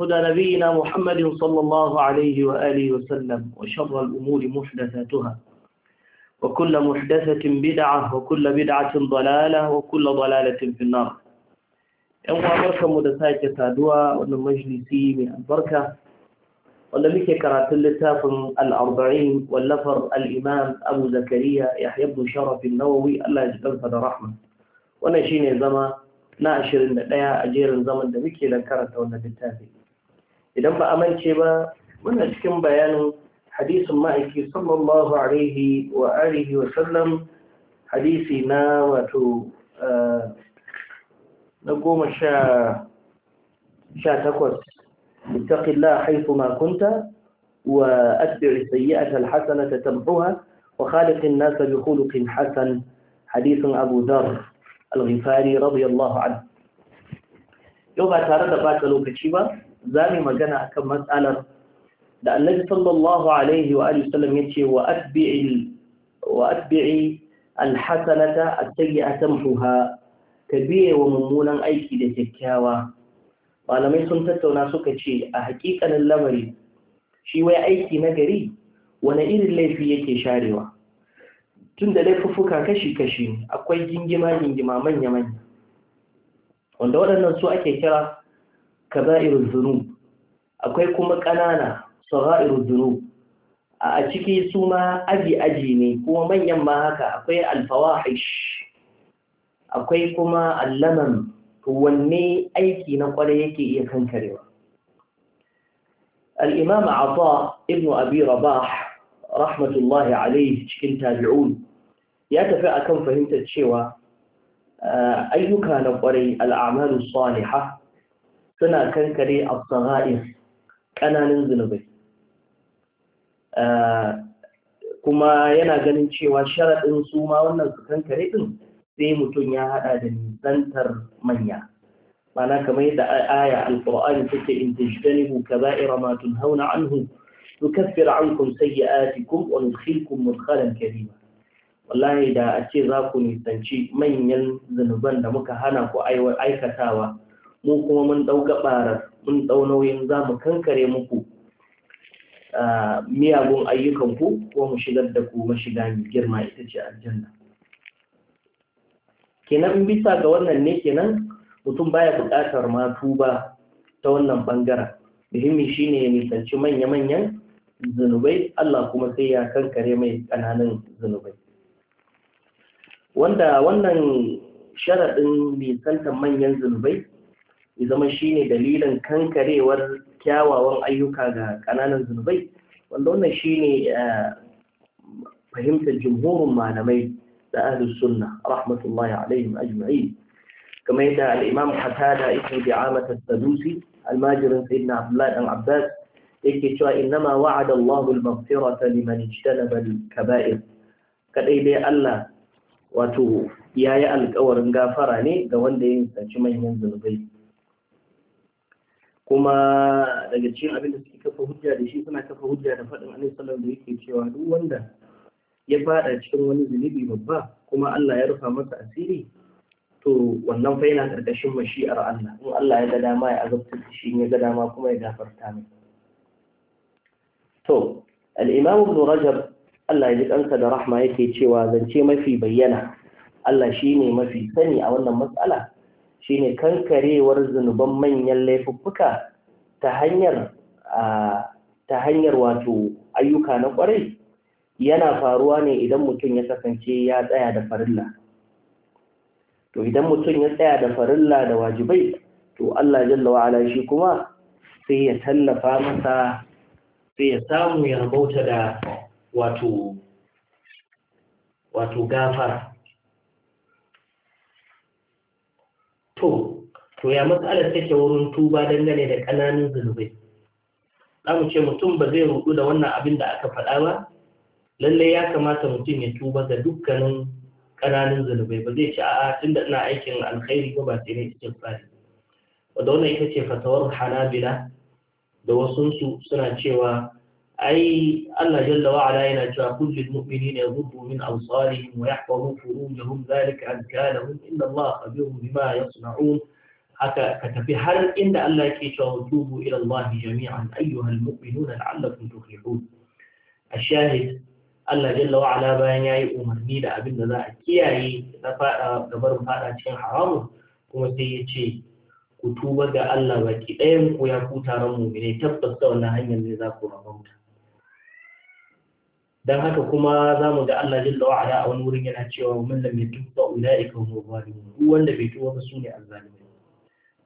هدى نبينا محمد صلى الله عليه وآله وسلم وشر الأمور محدثاتها وكل محدثة بدعة وكل بدعة ضلالة وكل ضلالة في النار أمو أبركة مدساكة تادوا وأن المجلسي من البركة وأن لك كرات اللتاف الأربعين واللفر الإمام أبو زكريا يحيى بن شرف النووي الله يجبر فد رحمة وأن شيني زمان ناشر النقاء أجير زمان دمكي لكرة ونبتافي idan ba amince ba muna cikin bayanin hadisin ma'aiki sallallahu alaihi wa alihi wa sallam hadisi na wato eh, na goma sha takwas ittaqillah haythu ma kunta wa atbi'i sayyi'ata ta tamhuha wa khalifin nasa bi khuluqin hasan hadisin Abu Dharr al-Ghifari radiyallahu anhu yau ba tare da baka lokaci ba za mu magana a kan matsalar da annabi sallallahu alaihi wa alihi ya yace wa atbi'i wa atbi'i alhasanata a sayyiata tamhuha ka biye wa mummunan aiki da kyakkyawa malamai sun tattauna suka ce a hakikanin lamari shi wai aiki na gari wani irin laifi yake sharewa tun da laifuffuka kashi-kashi akwai gingima-gingima manya-manya wanda waɗannan su ake kira kaba'irul dhunub akwai kuma ƙanana sagha'irul zunub a ciki su ma aji aji ne kuma manyan ma haka akwai alfawahish akwai kuma allaman wanne aiki na kwarai yake iya kankarewa al-imam ata ibn abi rabah rahmatullahi alaihi cikin tabi'un ya tafi akan fahimtar cewa eh, ayyuka na kwarai al'amalu salihah suna kankare a saghair ƙananan zunubai eh, kuma yana ganin cewa sharaɗin su ma wannan su kankare ɗin sai mutum ya haɗa da nisantar manya mana kamar yadda aya alƙur'ani take in tajtanibu kaba'ira ma tunhauna anhu nukaffir ankum sayyi'atikum wa nudkhilkum mudkhalan karima wallahi da a ce za ku nisanci manyan zunuban da muka hana ku aikatawa mu kuma mun ɗauka ɓara mun ɗau nauyin za mu kankare muku miyagun ayyukanku ko mu shigar da ku mashiga mai girma ita ce aljanna kenan bisa ga wannan ne kenan mutum baya buƙatar ma tuba ta wannan bangaren muhimmi shine ya nisanci manya-manyan zunubai Allah kuma sai ya kankare mai ƙananan zunubai wanda wannan sharaɗin nisantar manyan zunubai ya zama shine dalilin kankarewar kyawawan ayyuka ga kananan zunubai wanda wannan shine eh, fahimtar jumhurin malamai da ahlus sunna rahmatullahi alaihim ajma'i kamar yadda al-imam Qatada ibn Bi'amah as-Sadusi al-Majirin sayyidina Abdullah dan Abbas yake cewa innama wa'ada Allahu al-maghfirata liman ijtanaba al-kaba'ir kadai dai Allah wato yayi alƙawarin gafara ne ga wanda ya yi manyan zunubai kuma daga cikin abin da suke kafa hujja da shi suna kafa hujja da faɗin annabi sallallahu da yake cewa duk wanda ya faɗa cikin wani zunubi babba kuma Allah ya rufa masa asiri to wannan fa yana karkashin mashi'ar Allah in Allah ya ga dama ya azabta shi ya ga dama kuma ya gafarta mai to al-Imam Ibn Rajab Allah ya ji kansa da rahma yake cewa zance mafi bayyana Allah shine mafi sani a wannan matsala. shine kankarewar zunuban manyan laifuffuka ta hanyar ta hanyar wato ayyuka na kwarai yana faruwa ne idan mutum ya kasance ya tsaya da farilla to idan mutum ya tsaya da farilla da wajibai to Allah jalla wa'ala shi kuma sai ya tallafa masa sai ya samu ya rabauta da wato wato gafara to ya matsalar take wurin tuba dangane da ƙananan zunubai za mu ce mutum ba zai rudu da wannan abin da aka faɗa ba lallai ya kamata mutum ya tuba ga dukkanin ƙananan zunubai ba zai ci a tun da ina aikin alkhairi ba ba sai na cikin tsari wadda wannan ita ce fatawar hanabila da wasunsu suna cewa ai Allah jalla wa ala yana cewa kullul mu'minina yaghuddu min absarihim wa yahfazu furujahum dhalika azka lahum inna Allah khabirun bima yasna'un haka ka tafi har inda Allah yake cewa tubu ila Allah jami'an ayyuhal mu'minuna la'allakum tuflihun shahid Allah jalla wa ala bayan yayi umarni da abin da za a kiyaye da fada da barin fada cikin haramu kuma sai ya ce ku tuba ga Allah baki ɗayan ku ya ku taron ne, tabbas da wannan hanyar ne za ku rabauta dan haka kuma zamu ga Allah jalla wa ala a wani wurin yana cewa man lam yatuba ulaika hum zalimun wanda bai tuba ba sune azzalimin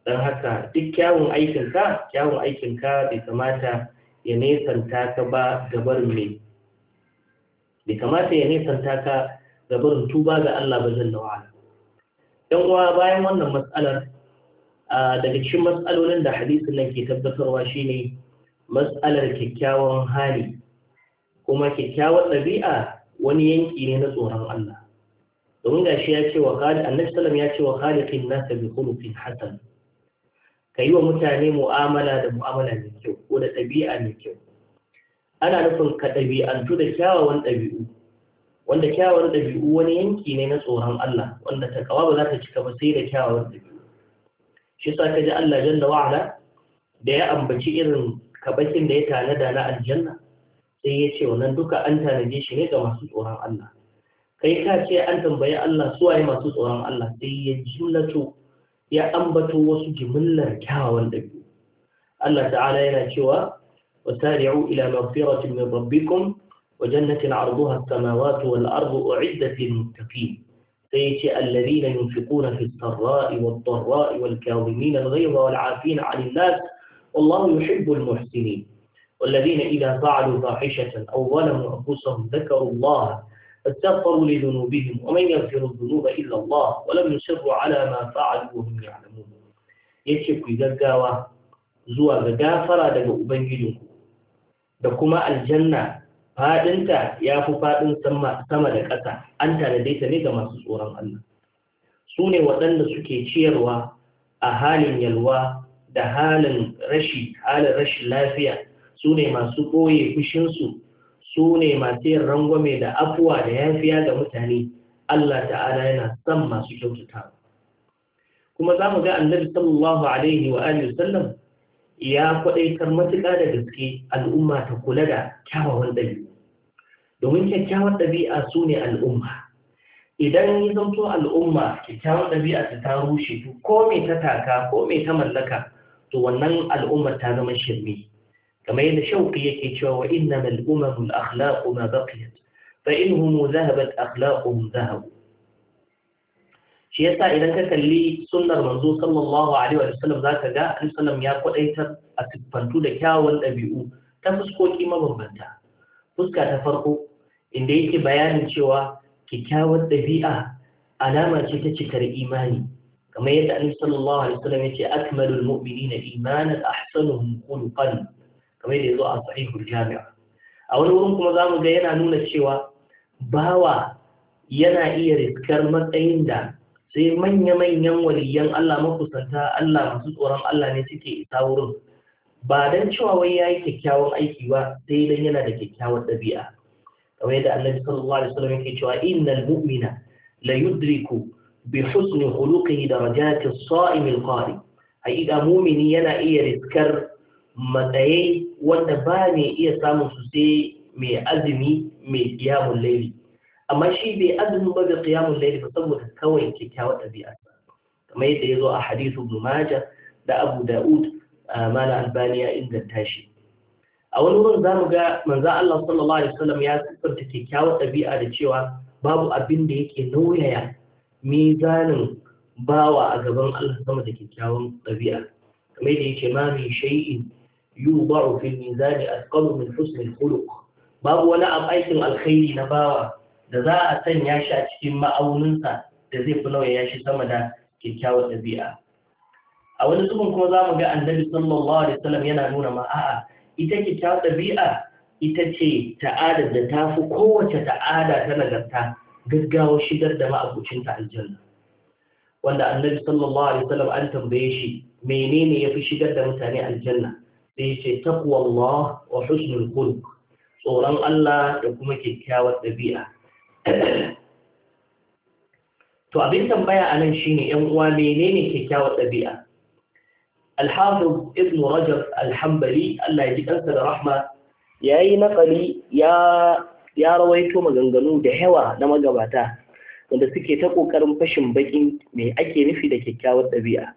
don haka duk kyawun aikinka kyawun aikinka bai kamata ya nesanta ka ba gabarin mai bai kamata ya nesanta ka gabarin tuba ga Allah ba zan dawa dan uwa bayan wannan matsalar daga cikin matsalolin da hadisin nan ke tabbatarwa shine matsalar kyakkyawan hali kuma kyakkyawar ɗabi'a wani yanki ne na tsoron Allah domin gashi ya ce wa khalid annabi sallam ya ce wa khaliqin nas bi khuluqin hasan ka yi wa mutane mu'amala da mu'amala mai kyau ko da ɗabi'a mai kyau ana nufin ka ɗabi'antu da kyawawan ɗabi'u wanda kyawawan ɗabi'u wani yanki ne na tsoron Allah wanda takawa ba za ta cika ba sai da kyawawan ɗabi'u shi sa ka ji Allah jalla wa'ala da ya ambaci irin kabakin da ya tanada na aljanna sai ya ce wannan duka an tanaje shi ne ga masu tsoron Allah kai ka ce an tambayi Allah suwaye masu tsoron Allah sai ya jimlato ya ambato wasu jimillar kyawawan ɗabi'u Allah ta'ala yana cewa wasari'u ila magfiratin min rabbikum wa jannatin 'arduha as-samawati wal ardu u'iddat lil muttaqin sai yace alladhina yunfiquna fi as-sarra'i wad-dharra'i wal kadhimin al-ghayza wal 'afina 'anil nas wallahu yuhibbu al-muhsinin والذين إذا فعلوا فاحشة أو ظلموا أنفسهم ذكروا الله فاستغفروا لذنوبهم ومن يغفر illallah, إلا الله ولم يصروا على ما فعلوا وهم يعلمون yace ku gaggawa zuwa ga daga ubangijinku da kuma aljanna fadinta ya fi fadin sama da ƙasa an tanade ta ne ga masu tsoron Allah sune waɗanda suke ciyarwa a halin yalwa da halin rashi halin rashin lafiya sune masu ɓoye fushinsu su ne masu yin rangwame da afuwa da yafiya ga mutane Allah ta'ala yana son masu kyautata kuma za mu ga annabi sallallahu alaihi wa alihi sallam ya kwadaitar matuƙa da gaske al'umma ta kula da kyawawan ɗabi'u domin kyakkyawar ɗabi'a su ne al'umma idan yi zanto al'umma kyakkyawar ɗabi'a ta ta rushe ko me ta taka ko me ta mallaka to wannan al'ummar ta zama shirme kamar yadda كما يد شوقي يكيتشوا وإنما الأمم الأخلاق ما بقيت فإنهم ذهبت أخلاقهم ذهبوا shi yasa idan ka kalli sunnar manzo sallallahu alaihi wa sallam zaka ga annabi sallam ya kwadaitar a tuffantu da kyawun dabi'u ta fuskoki mabambanta fuska ta farko inda yake bayanin cewa kyakkyawar ɗabi'a alama ce ta cikar imani kamar yadda annabi sallallahu alaihi wa sallam yace akmalul mu'minina imanan ahsanuhum khuluqan kamar da ya zo a sahihul jami'a a wani wurin kuma zamu mu ga yana nuna cewa bawa yana iya riskar matsayin da sai manya-manyan waliyan Allah makusanta Allah masu tsoron Allah ne suke isa wurin ba don cewa wai ya yi kyakkyawan aiki ba sai dan yana da kyakkyawan ɗabi'a kamar yadda annabi sallallahu alaihi wasallam yake cewa innal mu'mina la yudriku bi husni khuluqihi darajati as-sa'im al-qari haƙiƙa mumini yana iya riskar matsayi wanda ba mai iya samun su sai mai azumi mai kiyamun laili amma shi bai azumi ba bai kiyamun laili ba saboda kawai kyakkyawar ɗabi'a kamar yadda ya zo a hadithu ibn da abu da'ud mala albani ya inganta shi a wani wurin za mu ga manzan Allah sallallahu alaihi wasallam ya siffanta kyakkyawar ɗabi'a da cewa babu abin da yake nauyaya mizanin bawa a gaban Allah sama da kyakkyawan ɗabi'a kamar da yake ma mai shay'in yuba fil mizani athqalu min husn al khuluq babu wani aikin alkhairi na bawa da za a sanya shi a cikin ma'auninsa da zai fi nauya shi sama da kyakkyawar ɗabi'a a wani zubin kuma za mu ga annabi sallallahu yana nuna ma a'a ita kyakkyawar ɗabi'a ita ce ta'ada da ta fi kowace ta'ada ta nagarta gaggawa shigar da ma'abucinta aljanna wanda annabi sallallahu an tambaye shi menene ya fi shigar da mutane aljanna sai ce taqwallah wa husnul khuluq tsoron Allah da kuma kyakkyawar ɗabi'a to abin tambaya a nan shine yan uwa menene kyakkyawar ɗabi'a al-hafiz ibn rajab al-hanbali Allah ya ji da rahma yayi nakali ya ya rawaito maganganu da hewa na magabata wanda suke ta ƙoƙarin fashin baƙin me ake nufi da kyakkyawar ɗabi'a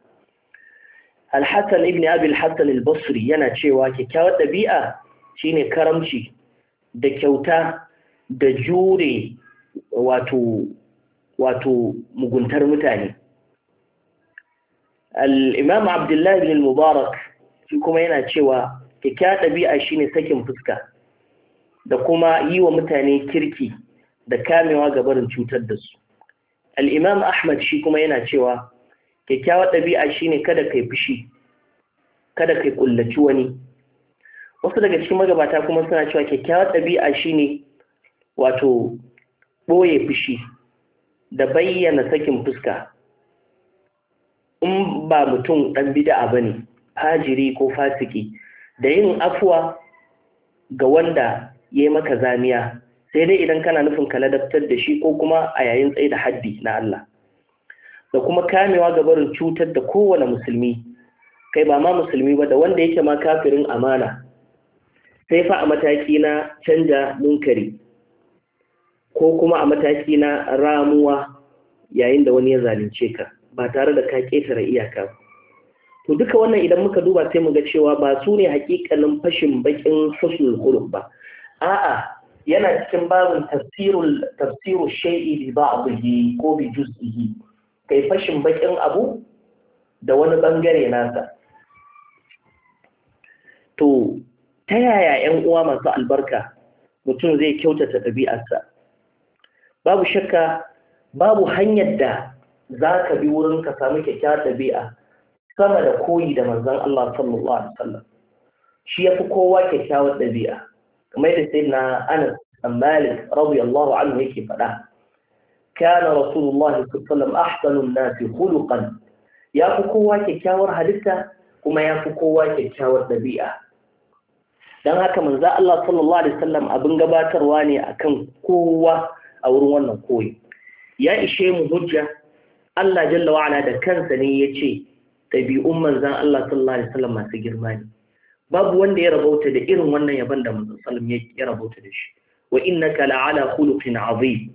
Al-Hassan ibn Abi al-Hassan al-Basri yana cewa kyakkyawar ɗabi'a shine karamci da kyauta da jure wato wato muguntar mutane. Al-Imam Abdullah ibn al-Mubarak shi kuma yana cewa kyakkyawar ɗabi'a shine sakin fuska da kuma yi wa mutane kirki da kamewa ga barin cutar da su. Al-Imam Ahmad shi kuma yana cewa kyakkyawar ɗabi'a shine kada kai fushi kada kai kullaci wani wasu daga cikin magabata kuma suna cewa kyakkyawar ɗabi'a shine wato ɓoye fushi da bayyana sakin fuska in ba mutum ɗan bida'a ba ne fajiri ko fasiki da yin afuwa ga wanda ya yi maka zamiya sai dai idan kana nufin ka ladabtar da shi ko kuma a yayin tsaye da haddi na Allah da kuma kamewa ga barin cutar da kowane musulmi kai ba ma musulmi ba da wanda yake ma kafirin amana sai fa a mataki na canja munkari ko kuma a mataki na ramuwa yayin da wani ya zalunce ka ba tare da ka ƙetare iyaka to duka wannan idan muka duba sai mu ga cewa ba su ne hakikanin fashin bakin husnul khuluq ba a'a yana cikin babin tafsirul tafsiru shay'i bi ba'dihi ko bi juz'ihi kai fashin bakin abu da wani bangare nasa to ta yaya 'yan uwa masu albarka mutum zai kyautata ɗabi'arsa babu shakka babu hanyar da za ka bi wurin ka samu kyakkyawar ɗabi'a sama da koyi da manzon Allah sallallahu alaihi wasallam shi yafi kowa kyakkyawar ɗabi'a kamar da sai na Anas bin Malik radiyallahu anhu yake faɗa كان رسول الله صلى الله عليه وسلم أحسن الناس خلقا يا فكوا كيكاور هلسة كما يا فكوا كيكاور دبيئة dan haka manzo Allah sallallahu alaihi wasallam abin gabatarwa ne akan kowa a wurin wannan koyi ya ishe mu hujja Allah jalla wa'ala da kansa ne yace ɗabi'un manzan Allah sallallahu alaihi wasallam masu girma ne babu wanda ya rabauta da irin wannan yaban da manzon sallam ya rabauta da shi wa innaka la'ala khuluqin azim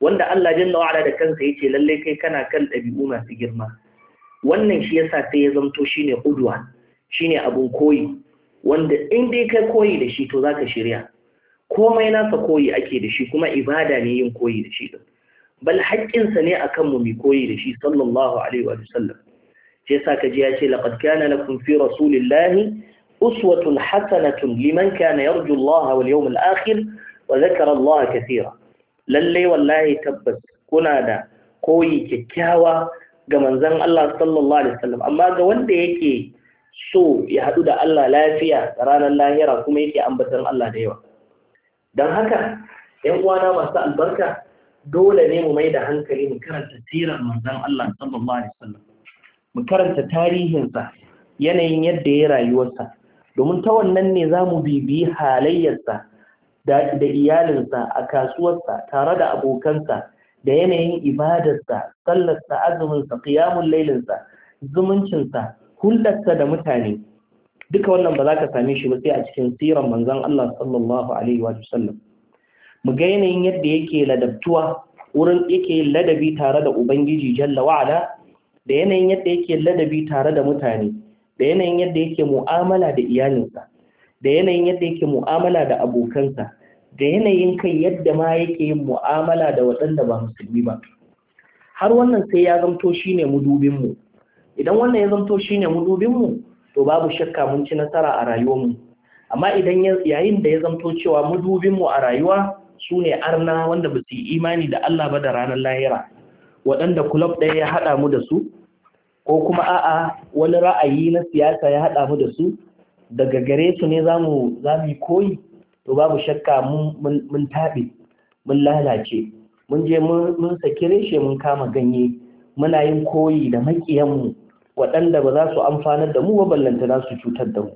wanda Allah jalla wa'ala da kansa yace lalle kai kana kan ɗabi'u masu girma wannan shi yasa sai ya zamto shine udwa shine abun koyi wanda in dai kai koyi da shi to zaka shirya komai nasa koyi ake da shi kuma ibada ne yin koyi da shi din bal sa ne akan mu mai koyi da shi sallallahu alaihi wa sallam shi yasa ka ya ce laqad kana lakum fi rasulillahi uswatun hasanatun liman kana yarju Allah wal akhir wa dhakara Allah kathira lalle wallahi tabbas kuna da koyi kyakkyawa ga manzon Allah sallallahu alaihi wasallam amma ga wanda yake so ya hadu da Allah lafiya ranar lahira kuma yake ambaton Allah da yawa dan haka ‘yan uwana masu albarka dole ne mu mai da hankali mu karanta sirar manzan Allah sallallahu alaihi wasallam mu karanta tarihinsa yanayin yadda ya rayuwarsa domin ta wannan ne zamu mu bibiyi halayyarsa da iyalinsa a kasuwarsa tare da abokansa da yanayin ibadarsa sallarsa azuminsa kiyamun lailinsa zumuncinsa hulɗarsa da mutane duka wannan ba za ka same shi ba sai a cikin siran manzon Allah sallallahu alaihi wa sallam mu ga yanayin yadda yake ladabtuwa wurin yake ladabi tare da ubangiji jalla wa'ala da yanayin yadda yake ladabi tare da mutane da yanayin yadda yake mu'amala da iyalinsa da yanayin yadda yake mu'amala da abokansa da yanayin kai yadda ma yake yin mu'amala da waɗanda ba musulmi ba har wannan sai ya zamto ne mudubinmu idan wannan ya zamto ne mudubinmu to babu shakka mun ci nasara a rayuwarmu amma idan yayin da ya zamto cewa mudubinmu a rayuwa su ne arna wanda ba su yi imani da Allah ba da ranar lahira waɗanda kulob ɗaya ya haɗa mu da su ko kuma a'a wani ra'ayi na siyasa ya haɗa mu da su daga gare su ne za mu yi koyi to babu shakka mun taɓe mun lalace mun je mun saki reshe mun kama ganye muna yin koyi da maƙiyanmu waɗanda ba za su amfanar da mu ba ballanta su cutar da mu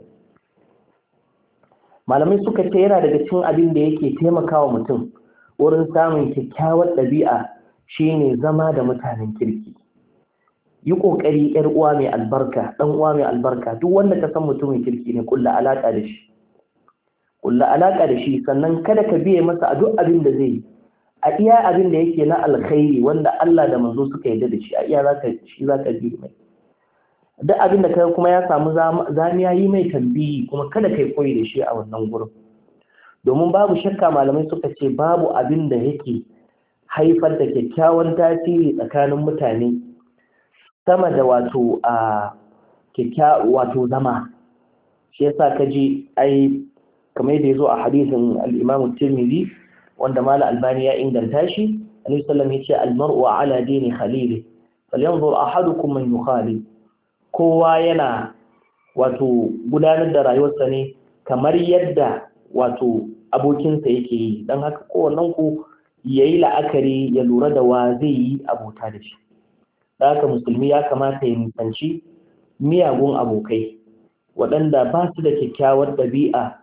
malamai suka ce yana daga cikin abin da yake taimakawa mutum wurin samun kyakkyawar ɗabi'a shine zama da mutanen kirki yi ƙoƙari yar uwa mai albarka ɗan uwa mai albarka duk wanda ka san mutumin kirki ne kulla alaka da shi kulla da shi sannan kada ka biye masa a duk abin da zai a iya abin da yake na alkhairi wanda Allah da manzo suka yarda da shi a iya zaka shi zaka bi mai duk abin da kai kuma ya samu zamiya yi mai tambayi kuma kada kai koyi da shi a wannan gurin domin babu shakka malamai suka ce babu abin da yake haifar da kyakkyawan tasiri tsakanin mutane sama da wato a kyakkyawa wato zama shi yasa ka ji ai kamar yadda zo a hadisin al Tirmidhi wanda mala Albani ya inganta shi Annabi ya alaihi wasallam yace Dini halili ala dini khalili falyanzur ahadukum man yukhali kowa yana wato gudanar da rayuwarsa ne kamar yadda wato abokinsa yake yi don haka kowannen ku yayi la'akari ya lura da wa zai yi abota da shi da musulmi ya kamata ya nisanci miyagun abokai waɗanda ba su da kyakkyawar ɗabi'a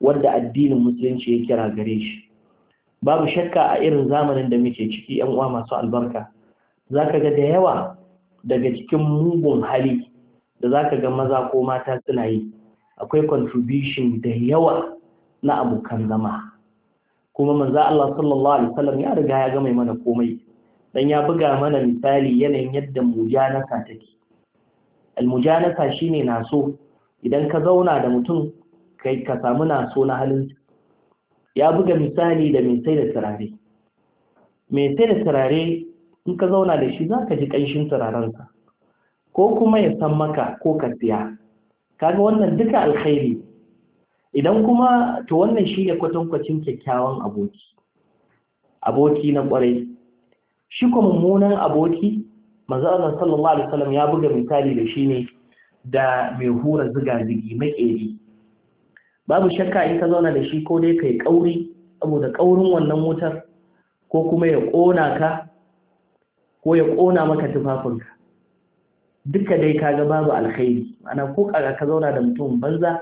wadda addinin musulunci ya kira gare shi babu shakka a irin zamanin da muke ciki yan uwa masu albarka za ka ga da yawa daga cikin mugun hali da za ka ga maza ko mata suna yi akwai contribution da yawa na abokan zama kuma manzo Allah sallallahu alaihi wasallam ya riga ya gama mana komai dan ya buga mana misali yanayin yadda mujanasa take almujanasa shine naso idan ka zauna da mutum kai ka samu naso na halin ya buga misali da mai sai da turare mai sai da turare in ka zauna da shi zaka ji kanshin turarensa ko kuma ya san maka ko ka tsaya kaga wannan duka alkhairi idan kuma to wannan shi ne kwatankwacin kyakkyawan aboki aboki na kwarai shi kuma mummunan aboki manzo Allah sallallahu alaihi wasallam ya buga misali da shi ne da mai hura ziga zigi makeri babu shakka in ka zauna da shi ko dai kai kauri saboda kaurin wannan wutar ko kuma ya kona ka ko ya kona maka tufafinka duka dai kaga babu alkhairi ana ko ka ka zauna da mutum banza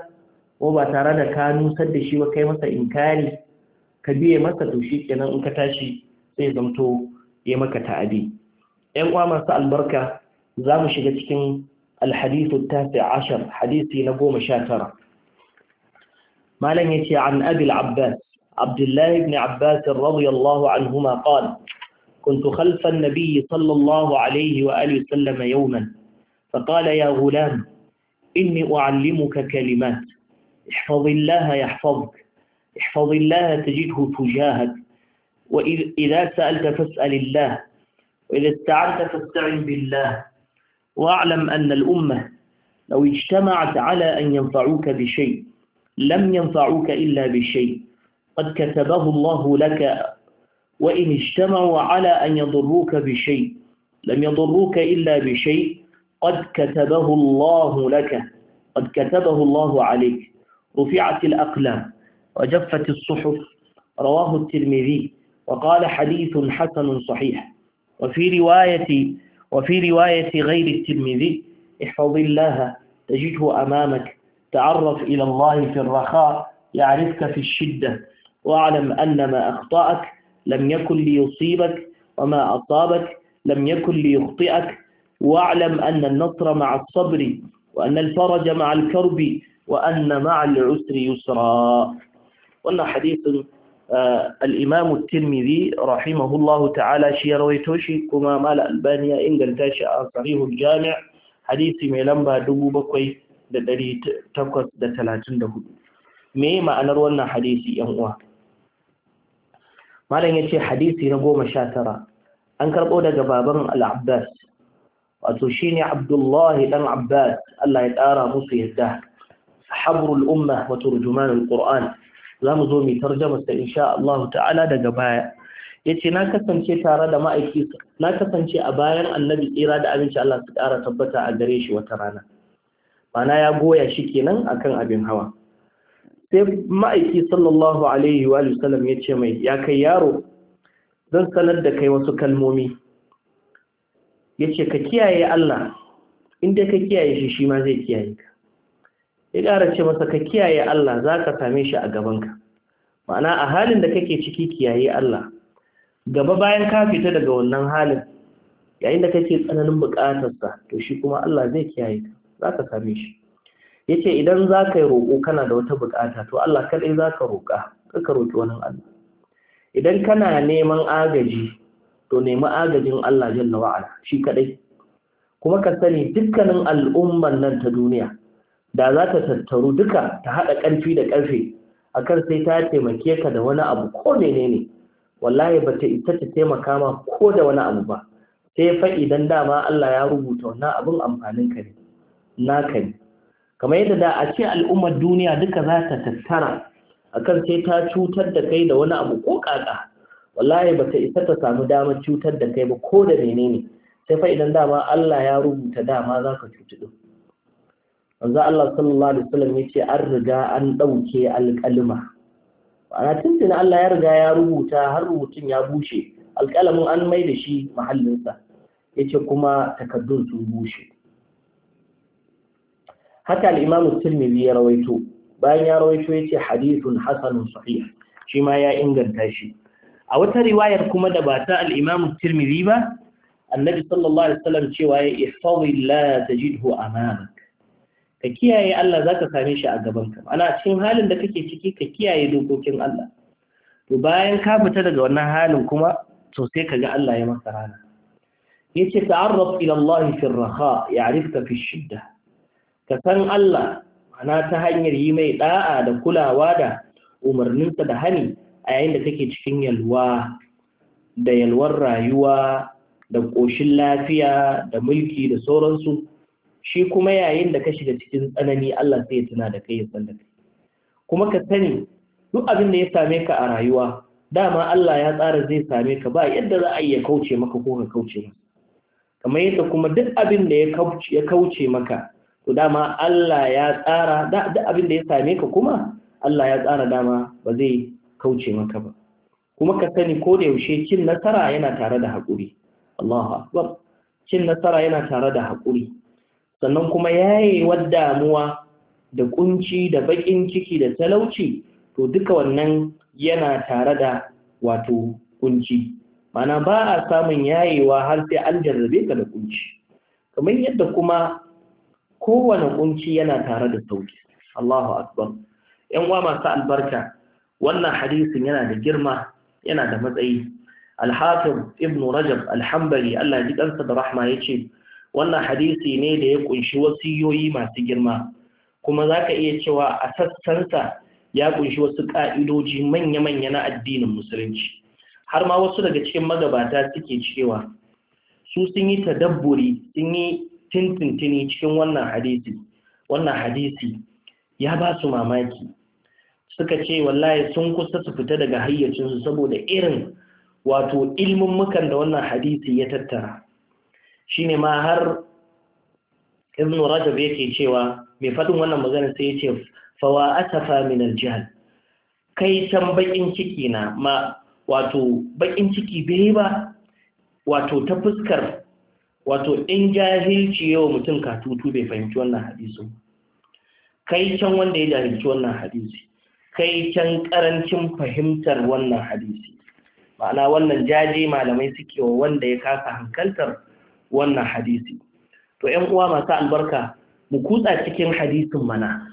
ko ba tare da ka nusar da shi ba kai masa inkari ka biye masa to shi kenan in ka tashi sai zamto ya maka ta'adi ƴan uwa masu albarka za mu shiga cikin alhadithu tasi ashar hadisi na goma sha tara malam ya ce an abil abbas abdullahi ibn abbas radiyallahu anhuma qala كنت خلف النبي صلى الله عليه وآله وسلم يوما فقال يا غلام إني أعلمك كلمات احفظ الله يحفظك احفظ الله تجده تجاهك وإذا سألت فاسأل الله وإذا استعنت فاستعن بالله واعلم أن الأمة لو اجتمعت على أن ينفعوك بشيء لم ينفعوك إلا بشيء قد كتبه الله لك وإن اجتمعوا على أن يضروك بشيء لم يضروك إلا بشيء قد كتبه الله لك قد كتبه الله عليك رفعت الأقلام وجفت الصحف رواه الترمذي وقال حديث حسن صحيح وفي رواية وفي رواية غير الترمذي احفظ الله تجده أمامك تعرف إلى الله في الرخاء يعرفك في الشدة واعلم أن ما أخطأك لم يكن ليصيبك وما أصابك لم يكن ليخطئك واعلم أن النصر مع الصبر وأن الفرج مع الكرب وأن مع العسر يسرا وأن حديث al al'imamu tirmidhi rahimahullahu ta'ala shi ya rawaito shi kuma mala albani ya inganta shi a sahihul jami'a hadisi mai lamba dubu da da hudu me ma'anar wannan hadisi yan uwa malam yace hadisi na goma sha 19 an karbo daga baban al-abbas wato shine abdullahi dan abbas Allah ya ƙara musu yadda habrul umma wa turjumanul qur'an za mu zo mu tarjama sa insha Allah ta'ala daga baya yace na kasance tare da ma'aiki na kasance a bayan annabi tsira da abinci Allah su ƙara tabbata a gare shi wata rana mana ya goya shi kenan akan abin hawa sai ma'aiki sallallahu alaihi wa sallam ya ce mai ya kai yaro zan sanar da kai wasu kalmomi Yace ce ka kiyaye Allah inda ka kiyaye shi shi ma zai kiyaye ka ya ƙara ce masa ka kiyaye Allah za ka same shi a gabanka ma'ana a halin da kake ciki kiyaye Allah gaba bayan ka fita daga wannan halin yayin da kake tsananin buƙatarsa to shi kuma Allah zai kiyaye ka za ka same shi ya ce idan za ka yi roƙo kana da wata buƙata to Allah kaɗai za ka roƙa ka roƙi wani Allah idan kana neman agaji to nemi agajin Allah jalla wa'ala shi kaɗai kuma ka sani dukkanin al'umman nan ta duniya da za ta tattaru duka ta haɗa ƙarfi da ƙarfe a kan sai ta taimake ka da wani abu ko menene wallahi ba ta ita ta taimaka ma ko da wani abu ba sai faɗi don dama Allah ya rubuta wannan abin amfanin ka ne ka ne kamar yadda da a ce al'ummar duniya duka za ta tattara a kan sai ta cutar da kai da wani abu ko ƙaƙa, wallahi ba ta isa ta samu damar cutar da kai ba ko da menene sai fa idan dama Allah ya rubuta dama za ka cutu ɗin. manzo Allah sallallahu alaihi wasallam yace an riga an dauke alƙalma ana tuntuna Allah ya riga ya rubuta har rubutun ya bushe alkalamin an mai da shi mahallinsa yace kuma takaddun sun bushe haka al-Imam Tirmidhi ya rawaito bayan ya rawaito yace hadithun hasanun sahih shi ma ya inganta shi a wata riwayar kuma da ba ta al-Imam Tirmidhi ba annabi sallallahu alaihi wasallam cewa ya ihfazi la tajidhu amanak ka kiyaye Allah za ka same shi a gabanka ana cikin halin da kake ciki ka kiyaye dokokin Allah to bayan ka fita daga wannan halin kuma to sai ka ga Allah ya maka rana yace ta'arraf ila Allah fi ar-raha ya'rifka fi shidda ka san Allah ana ta hanyar yi mai da'a da kulawa da umarninsa da hani a yayin da kake cikin yalwa da yalwar rayuwa da ƙoshin lafiya da mulki da sauransu shi kuma yayin da ka shiga cikin tsanani Allah sai ya tuna da kai ya san da kai kuma ka sani duk abin da ya same ka a rayuwa dama Allah ya tsara zai same ka ba yadda za a ya kauce maka ko ka kauce maka kamar yadda kuma duk abin da ya kauce maka to dama Allah ya tsara duk abin da ya same ka kuma Allah ya tsara dama ba zai kauce maka ba kuma ka sani ko da yaushe cin nasara yana tare da haƙuri Allahu akbar cin nasara yana tare da haƙuri sannan kuma yayewar damuwa da kunci da bakin ciki da talauci to duka wannan yana tare da wato kunci mana ba a samun yayewa har sai an jarrabe ka da kunci kamar yadda kuma kowane kunci yana tare da sauki Allahu akbar yan uwa masu albarka wannan hadisin yana da girma yana da matsayi al-hafiz ibn rajab al-hanbali Allah ya ji kansa da rahma yace wannan hadisi ne da ya kunshi yoyi masu girma kuma za ka iya cewa a sassansa ya kunshi wasu ƙa'idoji manya-manya na addinin musulunci har ma wasu daga cikin magabata suke cewa su sun yi tadabburi sun yi tintintini cikin wannan hadisi wannan hadisi ya ba su mamaki suka ce wallahi sun kusa su fita daga hayyacinsu saboda irin wato ilmin mukan da wannan hadisi ya tattara shine ma har ibn rajab yake cewa mai fadin wannan magana sai ya ce fawa atafa min aljihal kai can bakin ciki na ma wato bakin ciki bai ba wato ta fuskar wato in jahilci yawa mutum katutu bai fahimci wannan hadisi kai can wanda ya jahilci wannan hadisi kai can karancin fahimtar wannan hadisi ma'ana wannan jaje malamai suke wa wanda ya kasa hankaltar wannan hadisi to 'yan uwa masu albarka mu kutsa cikin hadisin mana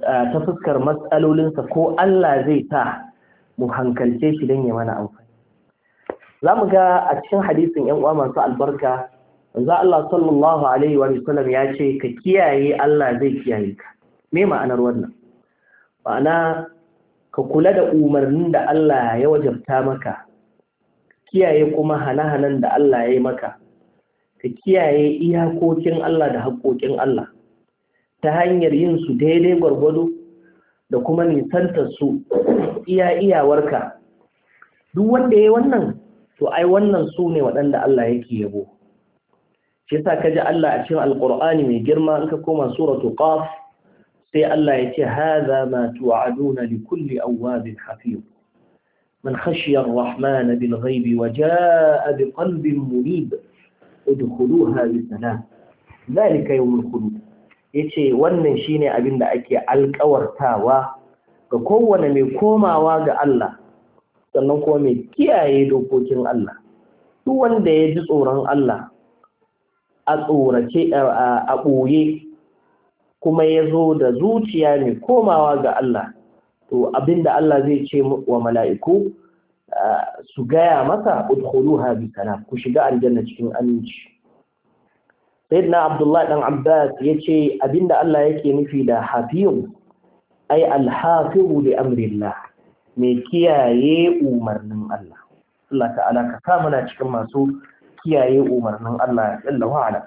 ta fuskar matsalolinsa ko Allah zai sa mu hankalce shi don ya mana amfani za mu ga a cikin hadisin ƴan uwa masu albarka za Allah sallallahu alaihi wa sallam ya ce ka kiyaye Allah zai kiyaye ka me ma'anar wannan ma'ana ka kula da umarnin da Allah ya wajabta maka kiyaye kuma hana-hanan da Allah ya yi maka ka kiyaye iyakokin Allah da haƙoƙin Allah ta hanyar yin su daidai gwargwado da kuma nisantar su iya iyawarka duk wanda ya wannan to ai wannan su ne waɗanda Allah yake yabo shi yasa kaji Allah a cikin alqur'ani mai girma in ka koma suratu qaf sai Allah yace hadha ma tu'aduna li kulli awwabin hafiz man khashiya ar-rahman bil ghaibi wa jaa bi udkhuluha bi salam zalika yawmul khulud yace wannan shine abin da ake alƙawartawa ga kowanne mai komawa ga Allah sannan kuma mai kiyaye dokokin Allah duk wanda ya ji tsoron Allah a tsorace a ɓoye kuma ya zo da zuciya mai komawa ga Allah to abinda Allah zai ce wa mala'iku su gaya masa udkhuluha bi salam ku shiga aljanna cikin aminci sayyidina abdullah dan abbas yace abinda Allah yake nufi da hafiyu ai alhafizu li amrillah me kiyaye umarnin Allah Allah ta'ala ka sa muna cikin masu kiyaye umarnin Allah jalla wahala.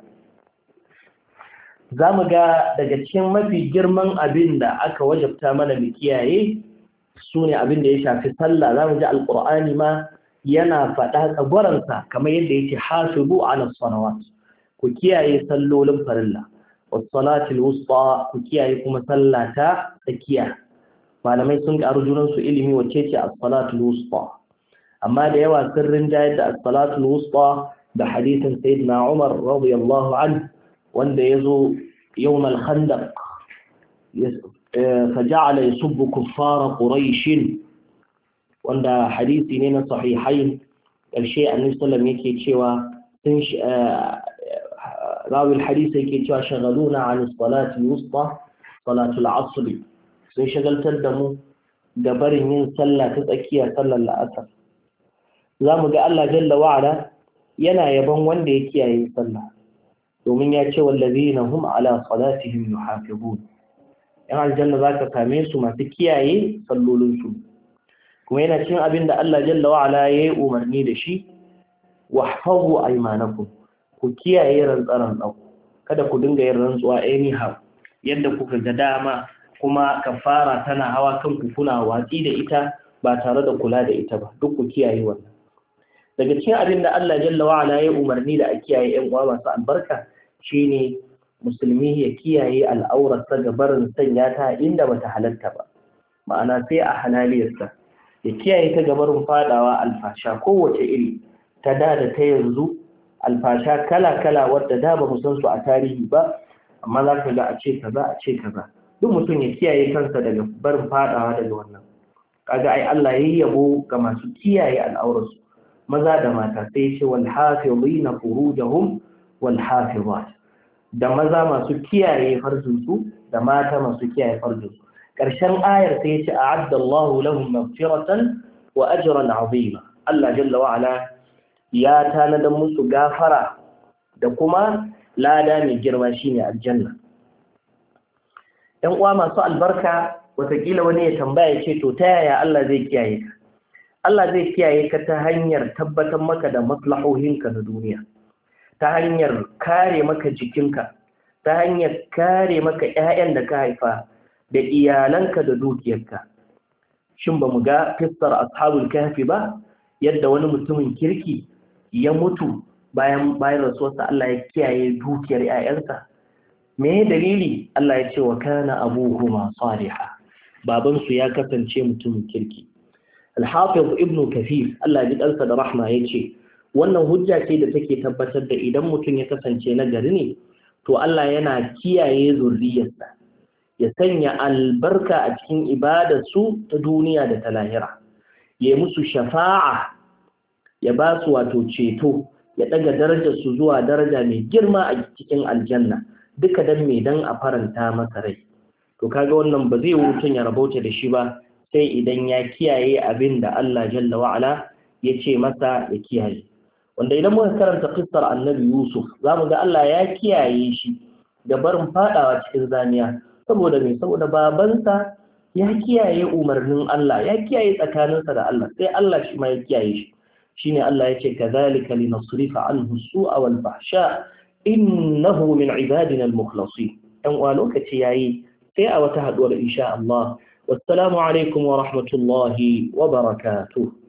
Za zamu ga daga cikin mafi girman abinda aka wajabta mana mu kiyaye su ne abin da ya shafi sallah za mu ji alƙur'ani ma yana faɗa tsagwaransa kamar yadda yake hasibu ala salawat ku kiyaye sallolin farilla wasalatul wusta ku kiyaye kuma sallah ta tsakiya malamai sun ƙaru junan su ilimi wacce ce as-salatul wusta amma da yawa sirrin jayar da as-salatul wusta da hadisin sayyidina Umar radiyallahu anhu wanda yazo yawm al-khandaq فجعل يسب كفار قريش wanda hadisi ne na sahihain ƙarshe annabi sallam yake cewa sun eh, hadisi yake cewa shagaluna an salati wusta salatul asr sun shagaltar da mu da barin yin sallah ta tsakiya sallar la'asar zamu ga Allah jalla wa'ala yana yaban wanda ya kiyaye sallah domin ya ce wallazina hum ala salatihim yuhafizun yan aljanna za ka same su masu kiyaye sallolinsu kuma yana cin abin da Allah jalla wa'ala ya yi umarni da shi wahfazu aymanakum ku kiyaye rantsaran ku kada ku dinga yin rantsuwa anyhow yadda ku ga dama kuma kafara tana hawa kan ku kuna watsi da ita ba tare da kula da ita ba duk ku kiyaye wannan daga cikin abin da Allah jalla wa'ala ya yi umarni da a kiyaye ƴan uwa masu albarka shine musulmi ya kiyaye al'aurarsa ga barin sanya ta inda bata halatta ba ma'ana sai a halaliyarsa ya kiyaye ta ga barin fadawa alfasha kowace iri ta da da ta yanzu alfasha kala-kala wadda da ba san su a tarihi ba amma za ka ga a ce kaza a ce kaza duk mutum ya kiyaye kansa daga barin fadawa daga wannan kaga ai Allah yayi yabo ga masu kiyaye al'aurarsu maza da mata sai ya ce wal hafizina furujahum wal hafizat da maza masu kiyaye farjinsu da mata masu kiyaye farjinsu ƙarshen ayar sai ce a addallahu lahum maghfiratan wa ajran azima Allah jalla wa ala ya tanadar musu gafara da kuma lada mai girma shine aljanna ɗan uwa masu albarka watakila wani ya tambaya ce to ta yaya Allah zai kiyaye ka Allah zai kiyaye ka ta hanyar tabbatar maka da maslahohinka na duniya ta hanyar kare maka jikinka ta hanyar kare maka 'ya'yan da ka haifa da iyalanka da dukiyarka shin ba mu ga fistar ashabul kahfi ba yadda wani mutumin kirki ya mutu bayan bayan rasuwarsa Allah ya kiyaye dukiyar 'ya'yansa me dalili Allah ya ce wa kana abuhuma salihah baban su ya kasance mutumin kirki al-hafiz ibn kathir Allah ya ji da rahma ce. wannan hujja ce da take tabbatar da idan mutum ya kasance na gari ne to Allah yana kiyaye zurriyarsa ya sanya albarka a cikin su ta duniya da ta lahira ya musu shafa'a ya ba su wato ceto ya daga darajar su zuwa daraja mai girma a cikin aljanna duka dan mai dan a faranta masa rai to kaga wannan ba zai wutun ya rabauta da shi ba sai idan ya kiyaye abin da Allah jalla wa'ala ya ce masa ya kiyaye wanda idan muka karanta kissar annabi yusuf za mu ga allah ya kiyaye shi da barin fadawa cikin zaniya saboda mai saboda babansa ya kiyaye umarnin allah ya kiyaye tsakaninsa da allah sai allah shi ma ya kiyaye shi shine allah ya ce kazalika linasrifa anhu su'a wal fahsha innahu min ibadina al-mukhlasin yan uwa lokaci yayi sai a wata haduwar insha Allah wassalamu alaikum wa rahmatullahi wa barakatuh